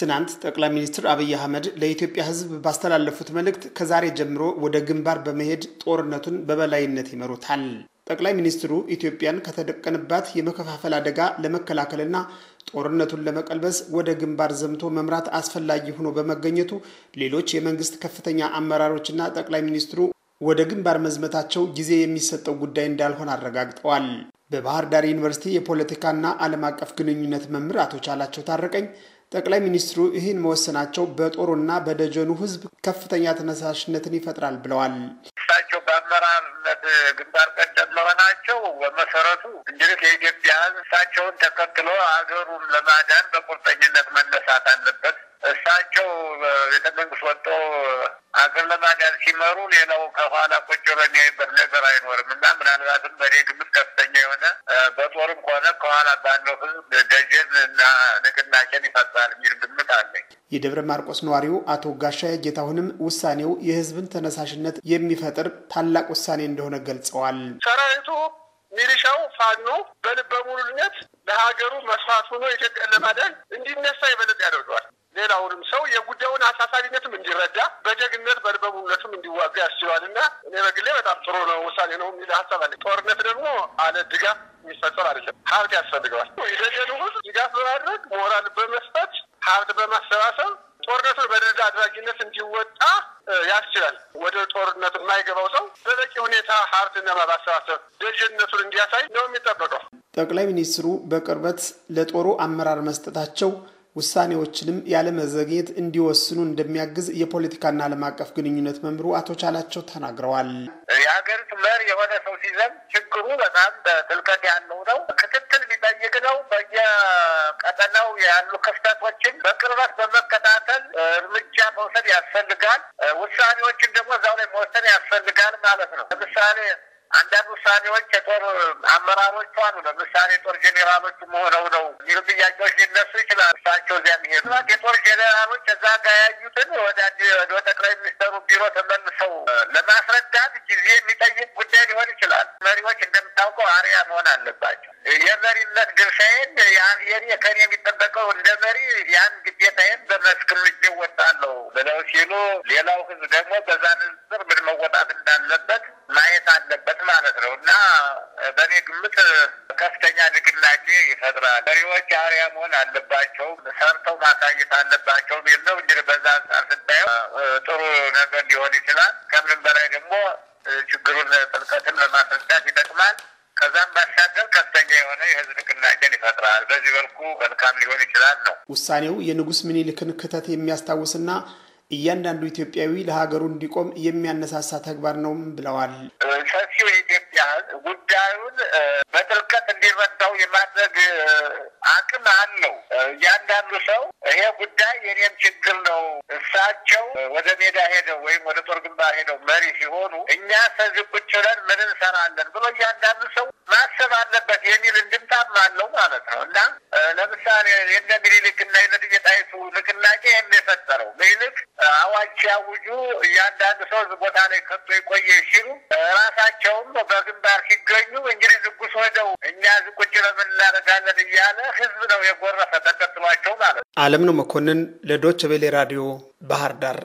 ትናንት ጠቅላይ ሚኒስትር አብይ አህመድ ለኢትዮጵያ ሕዝብ ባስተላለፉት መልእክት ከዛሬ ጀምሮ ወደ ግንባር በመሄድ ጦርነቱን በበላይነት ይመሩታል። ጠቅላይ ሚኒስትሩ ኢትዮጵያን ከተደቀንባት የመከፋፈል አደጋ ለመከላከልና ጦርነቱን ለመቀልበስ ወደ ግንባር ዘምቶ መምራት አስፈላጊ ሆኖ በመገኘቱ ሌሎች የመንግስት ከፍተኛ አመራሮችና ጠቅላይ ሚኒስትሩ ወደ ግንባር መዝመታቸው ጊዜ የሚሰጠው ጉዳይ እንዳልሆነ አረጋግጠዋል። በባህር ዳር ዩኒቨርሲቲ የፖለቲካና ዓለም አቀፍ ግንኙነት መምህር አቶ ቻላቸው ታረቀኝ ጠቅላይ ሚኒስትሩ ይህን መወሰናቸው በጦሩና በደጀኑ ህዝብ ከፍተኛ ተነሳሽነትን ይፈጥራል ብለዋል። እሳቸው በአመራርነት ግንባር ቀደም መሆናቸው በመሰረቱ እንግዲህ የኢትዮጵያ እሳቸውን ተከትሎ ሀገሩን ለማዳን በቁርጠኝነት መነሳት አለበት። እሳቸው ቤተ መንግስት ወጥቶ ሀገር ለማዳን ሲመሩ ሌላው ከኋላ ቁጭ የሚያይበት ነገር አይኖርም እና ምናልባትም በእኔ ግምት ከፍ ከሆነ በጦርም ከሆነ ከኋላ ባለው ህዝብ ደጀን እና ንቅናቄን ይፈጥራል የሚል ግምት አለኝ። የደብረ ማርቆስ ነዋሪው አቶ ጋሻ የጌታሁንም ውሳኔው የህዝብን ተነሳሽነት የሚፈጥር ታላቅ ውሳኔ እንደሆነ ገልጸዋል። ሰራዊቱ ሚሊሻው ፋኖ በልበ ሙሉነት ለሀገሩ መስዋዕት ሆኖ ኢትዮጵያን ለማዳን እንዲነሳ ይበለጥ ያደርገዋል። ሌላውንም ሰው የጉዳዩን አሳሳቢነትም እንዲረዳ በጀግነት በልበ መንግስትም እንዲዋጋ ያስችለዋል እና እኔ በግሌ በጣም ጥሩ ነው ውሳኔ ነው የሚል ሀሳብ አለ። ጦርነት ደግሞ አለ ድጋፍ የሚፈጠር አይደለም። ሀብት ያስፈልገዋል። የደደዱ ህዝብ ድጋፍ በማድረግ ሞራል በመስጠት ሀብት በማሰባሰብ ጦርነቱን በድል አድራጊነት እንዲወጣ ያስችላል። ወደ ጦርነት የማይገባው ሰው በበቂ ሁኔታ ሀብትና ማባሰባሰብ ደጀነቱን እንዲያሳይ ነው የሚጠበቀው። ጠቅላይ ሚኒስትሩ በቅርበት ለጦሩ አመራር መስጠታቸው ውሳኔዎችንም ያለመዘግየት እንዲወስኑ እንደሚያግዝ የፖለቲካና ዓለም አቀፍ ግንኙነት መምሩ አቶ ቻላቸው ተናግረዋል። የሀገሪቱ መሪ የሆነ ሰው ሲዘም ችግሩ በጣም በጥልቀት ያለው ነው። ክትትል ቢጠይቅ ነው። በየቀጠናው ያሉ ክፍተቶችን በቅርበት በመከታተል እርምጃ መውሰድ ያስፈልጋል። ውሳኔዎችን ደግሞ እዛው ላይ መወሰን ያስፈልጋል ማለት ነው። ለምሳሌ አንዳንድ ውሳኔዎች የጦር አመራሮቹ አሉ። ለምሳሌ የጦር ጄኔራሎቹ መሆነው ነው የሚሉ ጥያቄዎች ሊነሱ እሳቸው እዚያ የሚሄዱ የጦር ጀኔራሎች እዛ ጋር ያዩትን ወደ ጠቅላይ ሚኒስተሩ ቢሮ ተመልሰው ለማስረዳት ጊዜ የሚጠይቅ ጉዳይ ሊሆን ይችላል። መሪዎች እንደምታውቀው አርያ መሆን አለባቸው። የመሪነት ድርሻዬን የኔ ከኔ የሚጠበቀው እንደ መሪ ያን ግዴታዬን በመስክ እርምጃ እወጣለሁ ብለው ሲሉ፣ ሌላው ህዝብ ደግሞ በዛ ንጽር ምን መወጣት እንዳለበት ማየት አለበት ማለት ነው እና በእኔ ግምት ከፍተኛ ንቅናቄ ይፈጥራል። መሪዎች አርያ መሆን አለባቸው፣ ሰርተው ማሳየት አለባቸው የሚል ነው። እንግዲህ በዛ አንጻር ስታየው ጥሩ ነገር ሊሆን ይችላል። ከምንም በላይ ደግሞ ችግሩን ጥልቀትን ለማስረዳት ይጠቅማል። ከዛም ባሻገር ከፍተኛ የሆነ የህዝብ ንቅናቄን ይፈጥራል። በዚህ መልኩ መልካም ሊሆን ይችላል ነው ውሳኔው። የንጉሥ ምኒልክን ክተት የሚያስታውስና እያንዳንዱ ኢትዮጵያዊ ለሀገሩ እንዲቆም የሚያነሳሳ ተግባር ነውም ብለዋል። ሰፊው የኢትዮጵያ ጉዳዩን በጥልቅ የማድረግ አቅም አለው። እያንዳንዱ ሰው ይሄ ጉዳይ የኔም ችግር ነው። እሳቸው ወደ ሜዳ ሄደው ወይም ወደ ጦር ግንባር ሄደው መሪ ሲሆኑ እኛ ከዚህ ቁጭ ብለን ምን እንሰራለን ብሎ እያንዳንዱ ሰው ማሰብ አለበት የሚል እንድምታም አለው ማለት ነው እና ለምሳሌ የነ ምኒልክ እና የነ እቴጌ ጣይቱ ንቅናቄ ይህን የፈጠረው ምኒልክ አዋጅ ሲያውጁ እያንዳንዱ ሰው እዚህ ቦታ ላይ ከቶ የቆየ ሲሉ ራሳቸውም በግንባር እናደርጋለን እያለ ህዝብ ነው የጎረፈ ተከትሏቸው ማለት ነው። አለምነው መኮንን ለዶች ቤሌ ራዲዮ ባህር ዳር